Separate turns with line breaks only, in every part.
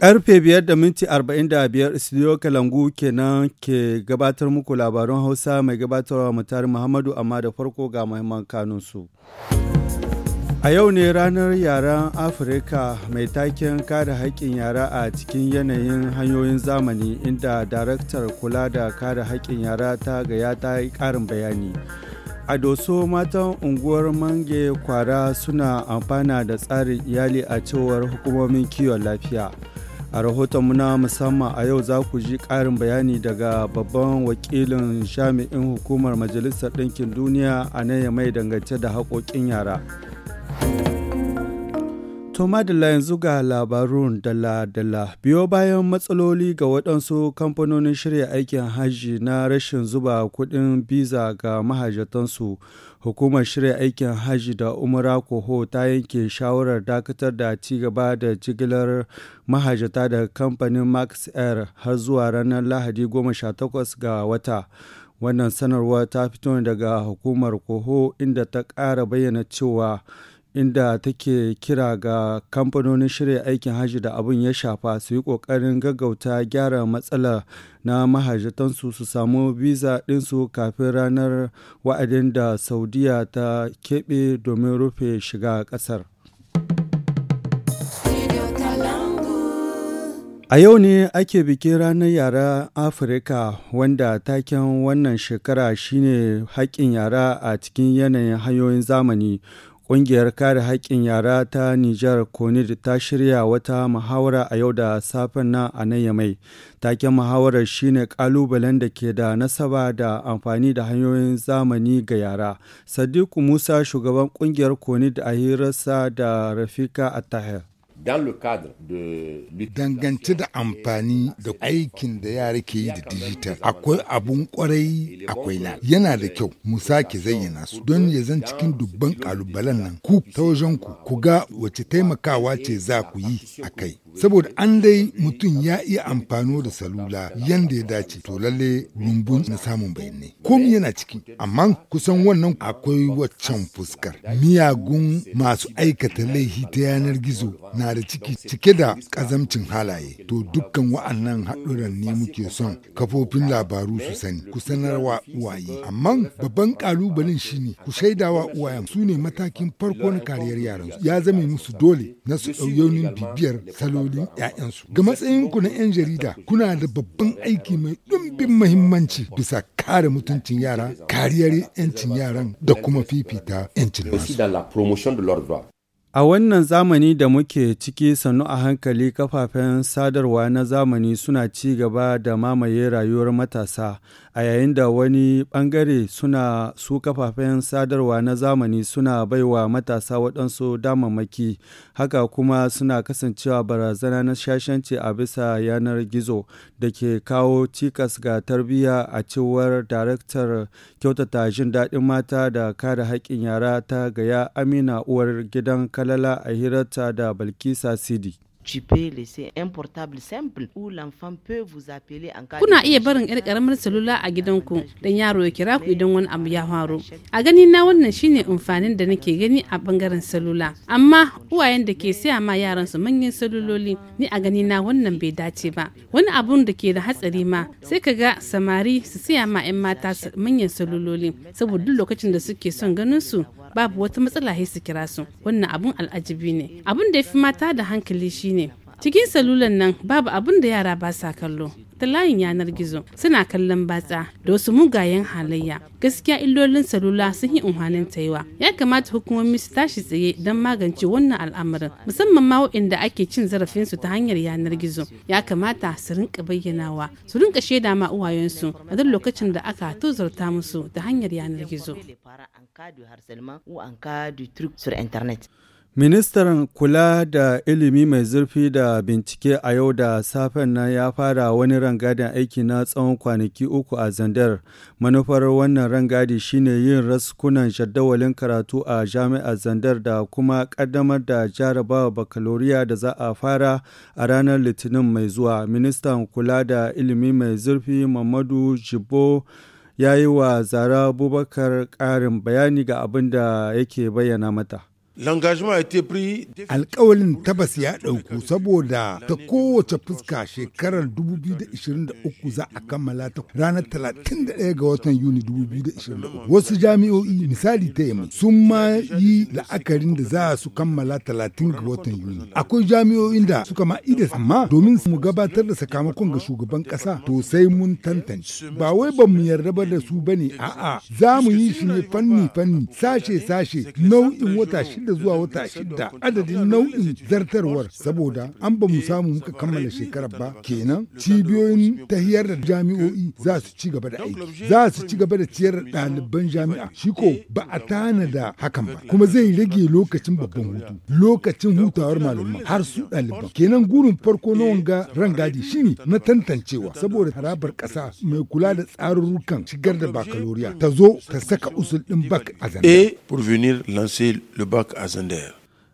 Karfe biyar da minti arba'in da biyar Studio Kalangu kenan ke gabatar muku labarun Hausa mai gabatarwa mutari Muhammadu amma da farko ga mahimman kanunsu. A yau ne ranar yaren Afirka mai taken kare haƙƙin yara a cikin yanayin hanyoyin zamani inda daraktar kula da kare haƙƙin yara ta gaya ta yi ƙarin bayani. A doso matan unguwar Mange Kwara suna amfana da tsarin iyali a cewar hukumomin kiwon lafiya. a rahoton na musamman a yau za ku ji ƙarin bayani daga babban wakilin shami'in hukumar majalisar ɗinkin duniya a nan ya mai dangance da haƙoƙin yara. To madalla yanzu ga labarun dala-dala biyo bayan matsaloli ga waɗansu kamfanonin shirya aikin hajji na rashin zuba kuɗin biza ga mahajjatansu hukumar shirya aikin hajji da umura koho ta yanke shawarar dakatar da ci gaba da jigilar mahajjata da kamfanin max air har zuwa ranar lahadi 18 ga wata. Wannan sanarwa ta fito daga hukumar koho inda ta ƙara bayyana cewa inda take kira ga kamfanonin shirya aikin hajji da abin ya shafa su yi ƙoƙarin gaggauta gyara matsala na mahajjatansu su samu biza ɗinsu kafin ranar wa'adin da saudiya ta keɓe domin rufe shiga ƙasar. A yau ne ake bikin ranar yara Afirka wanda taken wannan shekara shine haƙƙin yara a cikin yanayin hanyoyin zamani Ƙungiyar kare haƙƙin yara ta Nijar Konid ta shirya wata muhawara a yau da safen nan a nan Yamai. Taken muhawarar shine ƙalubalen da ke da nasaba da amfani da hanyoyin zamani ga yara. Sadiku Musa shugaban ƙungiyar Konid a hirarsa
da Rafika Attahir. Dangance da amfani da aikin da yara ke yi da dijital, akwai abun kwarai akwai na. Yana da kyau mu sake zayyana su don ya zan cikin dubban kalubalen nan ku ta wajen ku ku ga wace taimakawa ce za ku yi a kai. Saboda an dai mutum ya iya amfano da salula yanda ya dace to lalle rumbun na samun bayanai. Komi yana ciki, amma kusan wannan akwai waccan fuskar. Miyagun masu aikata laifi ta yanar gizo na na da ciki cike da ƙazamcin halaye to dukkan wa'annan haɗuran ne muke son kafofin labaru su sani ku sanarwa uwaye amma babban ƙalubalen shine ku shaidawa uwayen su ne matakin farko na kariyar yaran ya zame musu dole na su ɗauyaunin bibiyar salolin 'ya'yansu ga matsayin ku na 'yan jarida kuna da babban aiki mai ɗumbin mahimmanci bisa kare mutuncin yara kariyar 'yancin yaran da kuma fifita 'yancin nasu
A wannan zamani da muke ciki sannu a hankali kafafen sadarwa na zamani suna ci gaba da mamaye rayuwar matasa a yayin da wani bangare suna su kafafen sadarwa na zamani suna baiwa matasa waɗansu damammaki haka kuma suna kasancewa barazana na shashanci a bisa yanar gizo da ke kawo cikas ga tarbiyya a cewar daraktar kyautata jin daɗin mata da kare haƙƙin yara ta gaya amina uwar gidan kalala a hirarta da balkisa sidi
tu peux laisser un Kuna iya barin yar karamar salula a gidanku dan yaro ya kira ku idan wani abu ya faru. A gani na wannan shine amfanin da nake gani a bangaren salula. Amma uwayen da ke siya ma yaran su manyan saluloli ni a gani na wannan bai dace ba. Wani abun da ke da hatsari ma sai ka ga samari su siya ma 'yan mata manyan saluloli saboda duk lokacin da suke son ganin su babu wata matsala sai su kira su. Wannan abun al'ajibi ne. Abun da ya fi mata da hankali shine ne cikin salulan nan babu abin da yara ba sa kallo ta layin yanar gizo suna kallon batsa da wasu mugayen halayya gaskiya illolin salula sun yi unhanin taiwa ya kamata hukumomi su tashi tsaye don magance wannan al'amarin musamman ma waɗanda ake cin zarafin su ta hanyar yanar gizo ya kamata su rinka bayyanawa su rinka shaida ma uwayensu a duk lokacin da aka tozarta musu ta hanyar yanar gizo
Ministan kula da ilimi mai zurfi da bincike a yau da safen nan ya fara wani rangadin aiki na tsawon kwanaki uku a Zandar. Manufar wannan rangadi shine yin raskunan jadawalin karatu a jami'ar Zandar da kuma kaddamar da jarabawa bakaloriya da za a fara a ranar Litinin mai zuwa. Ministan kula da ilimi mai zurfi Mamadu Jibo ya yi wa Zara Abubakar ƙarin bayani ga abin da yake bayyana mata.
Alƙawalin tabas ya ɗauku saboda ta kowace fuska shekarar 2023 za a kammala ta ranar 31 ga watan Yuni 2023. Wasu jami'o'i misali ta yamma sun ma yi la'akarin da za su kammala 30 ga watan Yuni. Akwai jami'o'in da suka ma ida amma domin mu gabatar da sakamakon ga shugaban ƙasa to sai mun tantance. Ba wai ba mu yarda ba da su bane a'a za mu yi shi ne fanni fanni sashe sashe nau'in wata shi. da zuwa wata shida adadin nau'in zartarwar saboda an ba mu samu muka kammala shekarar ba kenan eh, cibiyoyin tahiyar da jami'o'i za su ci gaba da aiki za su ci gaba da ciyar da ɗaliban jami'a shi ko ba a tana da hakan ba kuma zai rage lokacin babban hutu lokacin hutawar malamai har su ɗaliban kenan gurin farko na wanga rangadi shine na tantancewa saboda harabar ƙasa mai kula da tsarurrukan shigar da bakaloriya ta zo ta saka usul ɗin bak a zanen. Et
pour venir lancer le bac a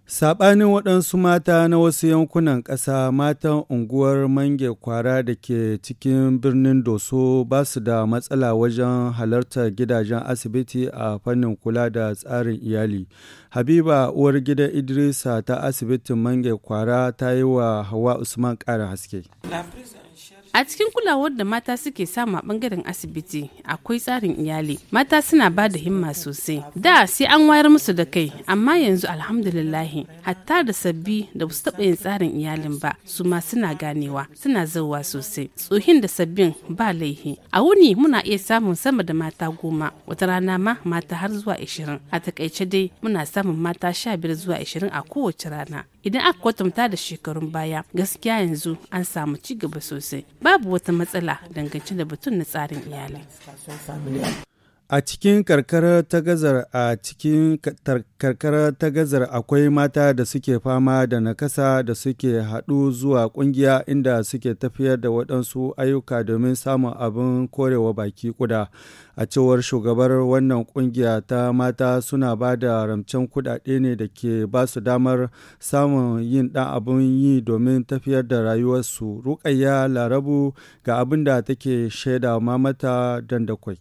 Saɓanin waɗansu mata na wasu yankunan ƙasa matan unguwar mange kwara da ke cikin birnin Doso ba su da matsala wajen halartar gidajen asibiti a fannin kula da tsarin iyali. Habiba uwar gidan Idrisa ta asibitin mange kwara ta yi wa Hawa Usman ƙara haske.
A cikin kulawar da mata suke samu a bangaren asibiti akwai tsarin iyali. Mata suna ba da himma sosai. Da sai an wayar musu da kai, amma yanzu alhamdulillahi hatta da sabbi da su taɓa yin tsarin iyalin ba, su ma suna ganewa, suna zauwa sosai. Tsohin da sabbin ba laihi. A wuni muna iya samun sama da mata goma, wata rana ma mata har zuwa ishirin A takaice dai muna samun mata sha biyar zuwa ishirin a kowace rana. idan aka kwatanta da shekarun baya gaskiya yanzu an samu ci gaba sosai babu wata matsala dangance da batun na tsarin iyali
A cikin karkara ta gazar cikin karkara ta gazar akwai mata da suke fama da nakasa da suke haɗu zuwa ƙungiya inda suke tafiyar da waɗansu ayyuka domin samun abin korewa baki kuda. A cewar shugabar wannan ƙungiya ta mata suna ba da ramcen kuɗaɗe ne da ke ba su damar samun yin ɗan abin yi domin tafiyar da rayuwarsu. Rukayya Larabu ga abin da take shaida ma mata dandakwai.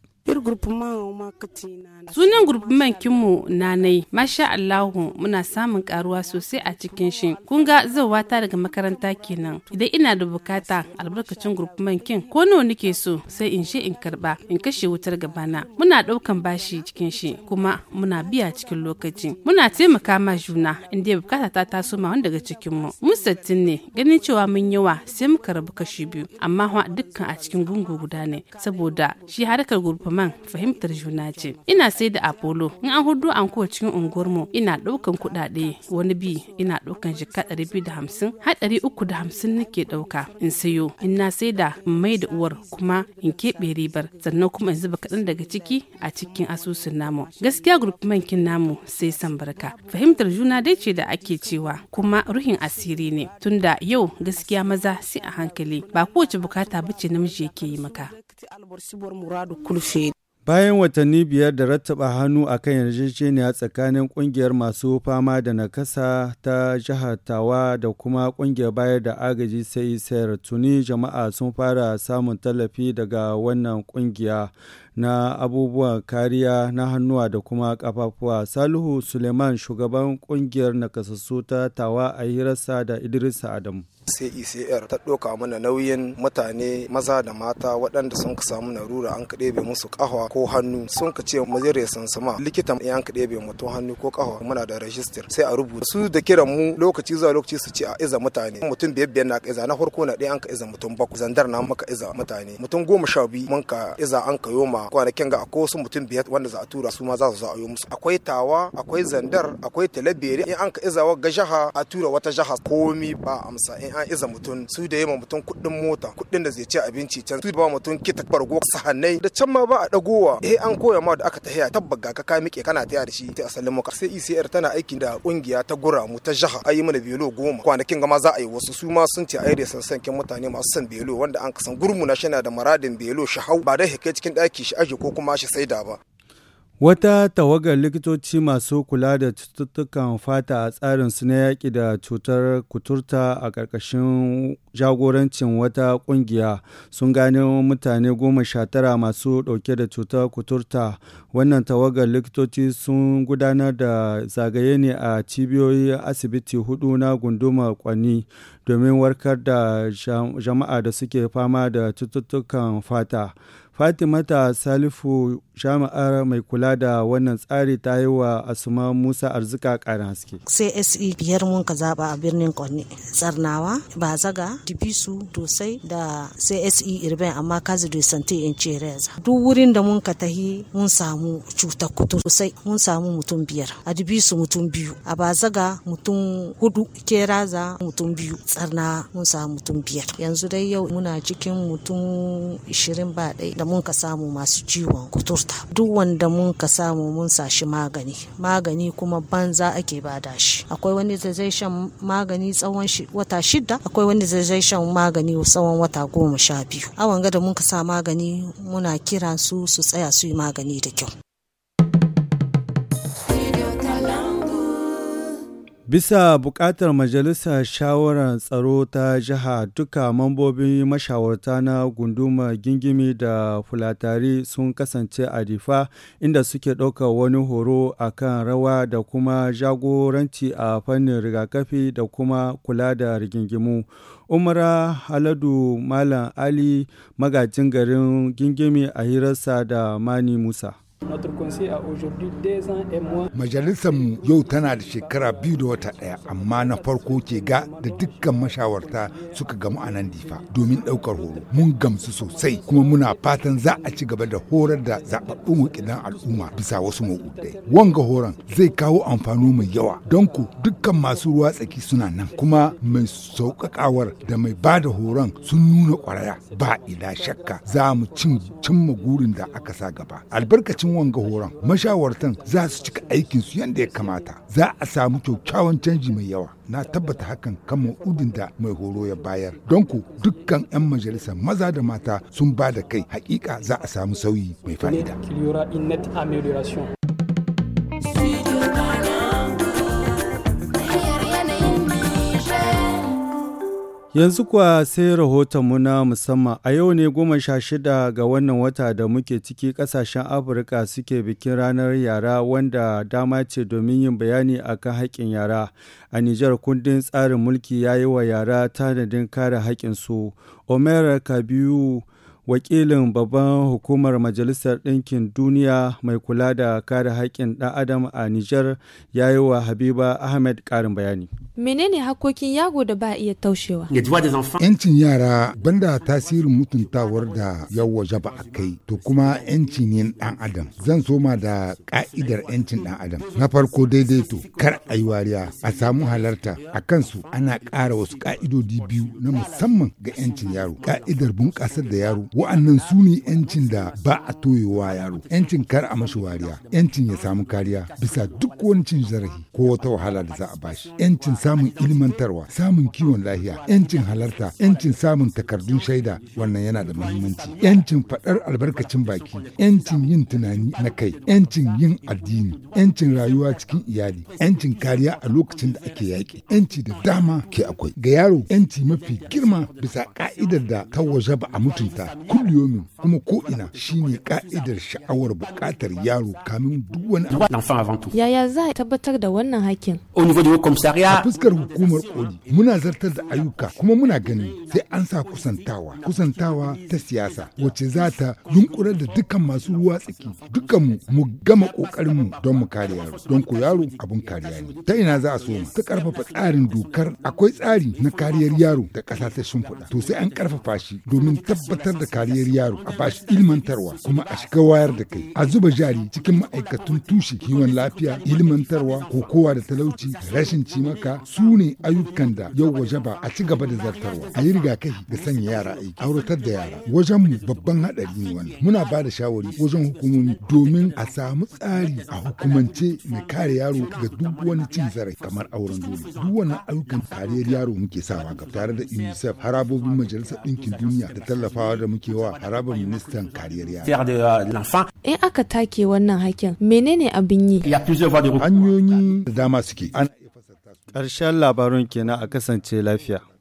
Sunan mankinmu na nai masha Allahu muna samun karuwa sosai a cikin shi. Kun ga zauwa ta daga makaranta kenan. Idan ina da bukata albarkacin gurbin kin ko nawa nake so sai in shi in karba in kashe wutar gabana. Muna daukan bashi cikin shi kuma muna biya cikin lokaci. Muna taimaka ma juna inda bukata ta taso ma wanda daga cikin mu. Mu ne ganin cewa mun yawa sai muka rabu kashi biyu amma dukkan a cikin gungu guda ne saboda shi harkar gurbin man fahimtar juna ce ina sai da apollo in an hudu an kowa cikin unguwar mu ina ɗaukan kuɗaɗe wani bi ina ɗaukan jika ɗari biyu da hamsin har ɗari uku da hamsin nake ɗauka in sayo in na sai da in mai da uwar kuma in keɓe ribar sannan kuma in zuba kaɗan daga ciki a cikin asusun namu gaskiya gurfuman kin namu sai san barka fahimtar juna dai ce da ake cewa kuma ruhin asiri ne tunda yau gaskiya maza sai a hankali ba kowace bukata bace namiji yake yi maka. muradu
Bayan watanni biyar da rattaba hannu a kan yarjejeniya tsakanin kungiyar masu fama da nakasa ta jihar Tawa da kuma kungiyar bayar da agaji sai sayar tuni jama'a sun fara samun tallafi daga wannan kungiya na abubuwan kariya na hannuwa da kuma kafafuwa. Salihu Suleiman shugaban kungiyar nakasassu ta Tawa a hirarsa da Idris Adamu.
E CECR ta ɗoka mana nauyin mutane maza da mata waɗanda sun ka samu narura an ka ɗebe musu ƙahwa ko hannu sun ka ce mu zire sansama likitan in an ka ɗebe mutum hannu ko ƙahwa muna da rajistar sai a rubuta su da kiran mu lokaci zuwa lokaci su ce a iza mutane mutum biyar biyar na iza na farko na ɗaya an ka iza mutum bakwai zandar na maka iza mutane mutum goma sha biyu mun ka iza an ka yoma kwanakin ga akwai wasu mutum biyar wanda za a tura su ma za su zo a yi musu akwai tawa akwai zandar akwai talabere in an ka iza ga jaha a tura wata jaha komi ba amsa in an iza mutum su da yema mutum kuɗin mota kuɗin da zai ci abinci can su ba mutum kita bargo sahannai da can ma ba a dagowa eh an koya ma da aka ta tahiya tabbaga ka ka miƙe kana taya da shi ta asalin muka sai ICR e tana aiki da kungiya ta gura mu ta jaha ayi mana belo goma kwanakin gama za a yi wasu su ma sun ce ayi da kin mutane masu san belo wanda an kasan gurmu na shi na da maradin belo shahau ba dai hake cikin ɗaki shi aje ko kuma shi saida ba
Wata tawagar likitoci masu kula da cututtukan fata a tsarin su na yaƙi da cutar kuturta a ƙarƙashin jagorancin wata ƙungiya sun gane mutane goma sha tara masu ɗauke da cutar kuturta. Wannan tawagar likitoci sun gudanar da zagaye ne a cibiyoyi asibiti hudu na gundumar kwani domin warkar da jama'a da suke fama da cututtukan fata. Fatimata Salifu Jama'ar mai kula da wannan tsari ta yi wa Asuma Musa Arzika ƙarin haske.
CSE biyar mun ka zaba a birnin Kwanne, Tsarnawa, Bazaga, Dibisu, Dosai da CSE Irben amma kazi da Sante in Cereza. Duk wurin da mun ka tahi mun samu cuta kutu sosai mun samu mutum biyar. A Dibisu mutum biyu, a Bazaga mutum hudu, raza mutum biyu, tsarna mun samu mutum biyar. Yanzu dai yau muna cikin mutum ishirin ba ɗaya da mun ka samu masu ciwon kutur duk wanda mun ka samu mun sashi magani magani kuma banza ake bada shi akwai wani da zai shan magani tsawon wata shida akwai wani da zai shan magani tsawon wata goma sha biyu awan da mun ka sa magani muna kira su su tsaya su yi magani da kyau
Bisa buƙatar Majalisar Shawarar Tsaro ta Jiha duka mambobin mashawarta na gunduma gingimi da fulatari sun kasance a difa inda suke ɗaukar wani horo a kan rawa da kuma jagoranci a fannin rigakafi da kuma kula da rigingimu. Umara Haladu Malam Ali magajin garin gingimi a hirarsa da Mani Musa.
majalisar mu yau tana da shekara biyu da wata ɗaya amma na farko ke ga da dukkan mashawarta suka gamu a nan difa domin ɗaukar horo. Mun gamsu sosai kuma muna fatan za a ci gaba da horar da zaɓaɓɓun wakilan al'umma bisa wasu ma'udai Wanga horon zai kawo amfani mai yawa don ku dukkan masu ruwa tsaki suna nan kuma mai sauƙaƙawar da mai ba da horon sun nuna ƙwaraya ba ila shakka za mu cimma gurin da aka sa gaba. Albarkacin an wanga horon mashawartan za su cika aikin su yadda ya kamata za a samu kyakkyawan canji mai yawa na tabbata hakan kan ma'udin da mai horo ya bayar don ku dukkan 'yan majalisa maza da mata sun ba da kai hakika za a samu sauyi mai fa'ida
Yanzu kuwa sai rahotonmu na musamman a yau ne goma sha shida ga wannan wata da muke ciki kasashen Afirka suke bikin ranar yara wanda dama ce domin yin bayani akan haƙƙin yara. A Nijar kundin tsarin mulki ya yi wa yara tanadin kare haƙƙinsu. Omer Kabiyu wakilin babban hukumar majalisar ɗinkin duniya mai kula da kare haƙƙin ɗan adam a niger ya yi wa habiba ahmed ƙarin bayani
menene hakokin yago da ba iya taushewa
yancin yara banda tasirin mutuntawar da yawa jaba a kai to kuma yanci ne ɗan adam zan soma da ka'idar yancin ɗan adam na farko daidaito kar a yi wariya a samu halarta a kansu ana ƙara wasu ka'idodi biyu na musamman ga yancin yaro ka'idar bunƙasar da yaro wa'annan su ne 'yancin da ba a toyewa yaro 'yancin kar a mashi wariya 'yancin ya samu kariya bisa duk wani cin zarafi ko wata wahala da za a bashi 'yancin samun ilimantarwa. samun kiwon lahiya 'yancin halarta 'yancin samun takardun shaida wannan yana da muhimmanci 'yancin faɗar albarkacin baki 'yancin yin tunani na kai 'yancin yin addini 'yancin rayuwa cikin iyali 'yancin kariya a lokacin da ake yaƙi 'yanci da dama ke akwai ga yaro 'yanci mafi girma bisa ka'idar da ta waje ba a mutunta kulliyomin kuma ko'ina shine ka'idar sha'awar buƙatar yaro kamin duk wani
yaya za a tabbatar da wannan hakkin
a fuskar hukumar koli muna zartar da ayyuka kuma muna gani sai an sa kusantawa kusantawa ta siyasa wacce za ta yunkura da dukkan masu ruwa tsaki dukkanmu mu gama mu don mu kare yaro don ko yaro abun kariya ne ta ina za a so ta karfafa tsarin dokar akwai tsari na kariyar yaro da ƙasa ta shimfiɗa to sai an karfafa shi domin tabbatar da kariyar yaro a bashi ilmantarwa kuma a shiga wayar da kai a zuba jari cikin ma'aikatun tushe kiwon lafiya ilmantarwa kowa da talauci rashin cimaka su ne ayyukan da yau waje ba a ci gaba da zartarwa a yi rigakafi da sanya yara aiki auratar da yara wajen mu babban haɗari ne wannan muna ba da shawari wajen hukumomi domin a samu tsari a hukumance mai kare yaro ga duk wani cin zarafi kamar auren dole duk wani ayyukan kariyar yaro muke sawa gaba tare da unicef harabobin majalisar ɗinkin duniya da tallafawa da muke ake wa harabin ministan kariyar yara. Euh,
In aka take wannan hakin menene abin yi?
Hanyoyi da dama suke. Ƙarshen
labarun kenan a kasance lafiya.